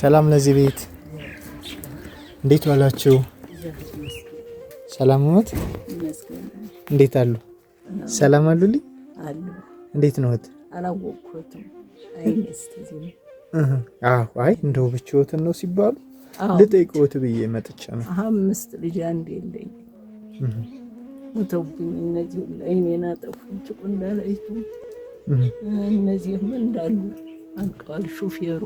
ሰላም ለዚህ ቤት እንዴት ዋላችሁ? ሰላም ሞት እንዴት አሉ? ሰላም አሉልኝ? እንዴት ነዎት? አላወቅኩትም። አይ እንደው ብቻዎትን ነው ሲባሉ ልጠይቅዎት ብዬ መጥቼ ነው። አምስት ልጅ አንድ የለኝ ሞተውብኝ። እነዚህ እኔን አጠፉኝ። ጭቁና ላይቱ እነዚህም እንዳሉ አልቀዋል። ሹፌሩ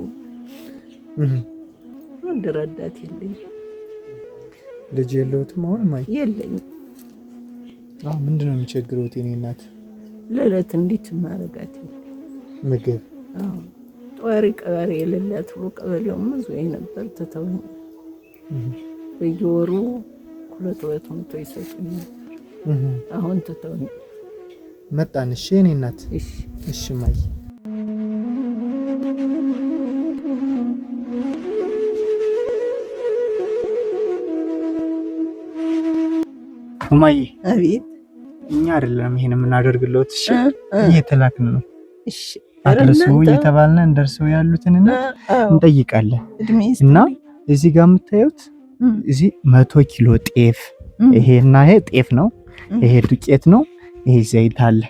አንድ ረዳት የለኝ። ልጅ የለውትም። አሁን ማ የለኝም። አዎ ምንድን ነው የሚቸግረውት? የእኔ እናት ለዕለት እንዴት ማረጋት ምግብ ጧሪ ቀባሪ የሌላት ብሎ ቀበሌው ምዙ ነበር ትተው በየወሩ ሁለት ሁለት መቶ ይሰጡኝ ነበር። አሁን ትተው መጣን። እሺ የእኔ እናት እሺ፣ እሺ ማይ እማዬ አቤት። እኛ አይደለም ይሄን የምናደርግለት፣ እሺ? እየተላክን ነው፣ እሺ? አድርሱ እየተባልን እንደርሰው ያሉትን እና እንጠይቃለን። እና እዚህ ጋር የምታዩት እዚህ መቶ ኪሎ ጤፍ፣ ይሄና ይሄ ጤፍ ነው፣ ይሄ ዱቄት ነው፣ ይሄ ዘይት አለ።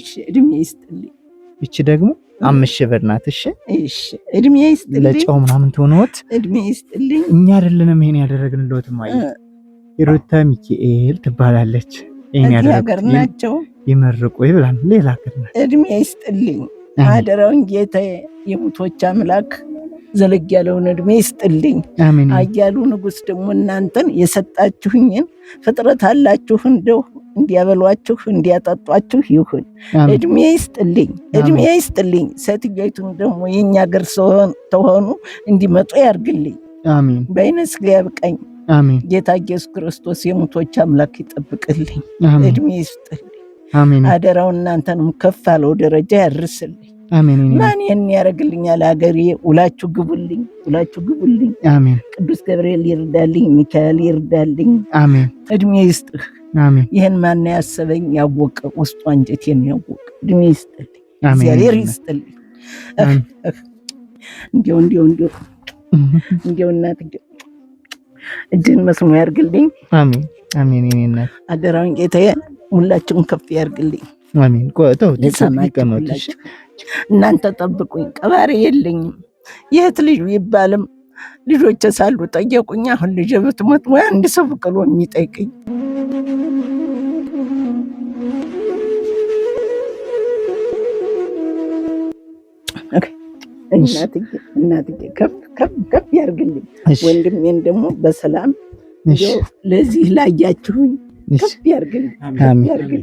እሺ፣ እድሜ ይስጥልኝ። እቺ ደግሞ አምስት ሺህ ብር ናት። እሺ፣ እሺ፣ እድሜ ይስጥልኝ። ለጨው ምናምን ትሆነዎት፣ እድሜ ይስጥልኝ። እኛ አይደለንም ይሄን ያደረግንልዎት እማዬ ሩታ ሚካኤል ትባላለች። ሀገር ናቸው ይመርቁ ይብላል። ሌላ ሀገር ናት። እድሜ ይስጥልኝ አደራውን ጌታ የሙቶች አምላክ ዘለግ ያለውን እድሜ ይስጥልኝ። አያሉ ንጉስ ደግሞ እናንተን የሰጣችሁኝን ፍጥረት አላችሁ እንደው እንዲያበሏችሁ እንዲያጠጧችሁ ይሁን። እድሜ ይስጥልኝ፣ እድሜ ይስጥልኝ። ሴትዮቱን ደግሞ የእኛ ሀገር ተሆኑ እንዲመጡ ያርግልኝ። በይነስ ሊያብቀኝ አሜን። ጌታ ኢየሱስ ክርስቶስ የሙቶች አምላክ ይጠብቅልኝ፣ እድሜ ይስጥልኝ። አደራው እናንተንም ከፍ አለው ደረጃ ያርስልኝ። ማን ይህን ያደርግልኛል? አገሬ ውላችሁ ግቡልኝ፣ ውላችሁ ግቡልኝ። አሜን። ቅዱስ ገብርኤል ይርዳልኝ፣ ሚካኤል ይርዳልኝ። አሜን። እድሜ ይስጥህ። ይህን ማን ያሰበኝ ያወቀ ውስጡ አንጀት የሚያወቅ እድሜ ይስጥልኝ፣ እግዚአብሔር ይስጥልኝ። እንዲው እንዲው እንዲው እንዲው እናት እጅን መስኖ ያርግልኝ። አሜን አሜን። እኔ እናት አደራውን ጌታዬ ሁላችሁን ከፍ ያርግልኝ። አሜን። እናንተ ጠብቁኝ። ቀባሪ የለኝም። የት ልዩ ይባልም ልጆች ሳሉ ጠየቁኝ። አሁን ልጅ ብትሞት ወይ አንድ ሰው ብቅሎ የሚጠይቅኝ እናትዬ ከፍ ከፍ ከፍ ያርግልኝ። ወንድሜን ደግሞ በሰላም ለዚህ ላያችሁኝ ከፍ ያርግልኝ።